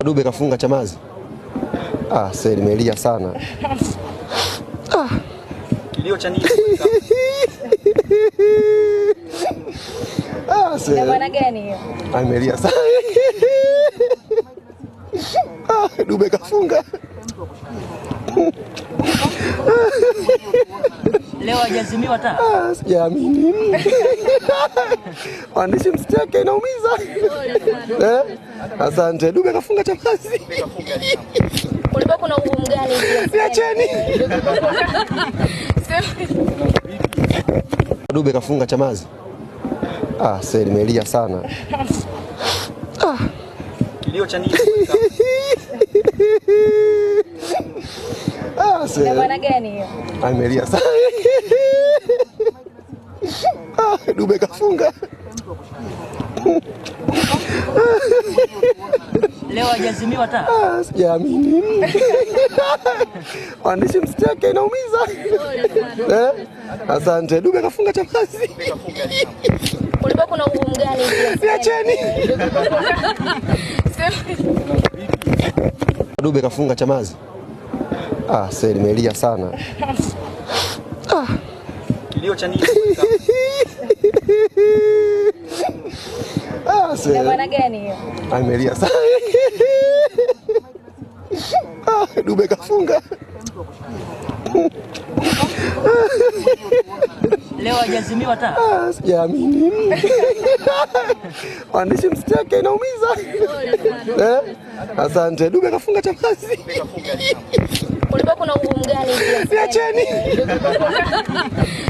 Dube kafunga Chamazi. Ah, sasa nimelia sana. Ah. Kilio cha nini? Ah, sasa. Bwana gani hiyo? Ah, nimelia sana. Ah, Dube kafunga. Leo hajazimiwa taa. Ah, sijaamini. Waandishi msicheke inaumiza. Eh? Asante. Dume kafunga chapasi. Kulikuwa kuna ugumu gani? Niacheni. Dube kafunga chamazi. Ah, sasa nimelia sana. Ah. cha nini? Ah, sasa. Ni gani hiyo? Amelia ah, sana. Ah, Dube kafunga leo, hajazimiwa taa. Ah, sijaamini waandishi, msitake inaumiza. Eh, asante. Dube kafunga chapasi. Kulikuwa kuna ugumu gani? Niacheni. Dube kafunga chamazi. Ah, sasa nimelia sana. Ah. Kilio cha nini? Ah, sasa. Ni gani hiyo? Amelia sana. Ah, Dube kafunga. Leo hajazimiwa taa. Ah, sijaamini. Waandishi msitake inaumiza. Eh? Asante. Dube kafunga chapasi. Kulikuwa kuna ugumu gani? Niacheni.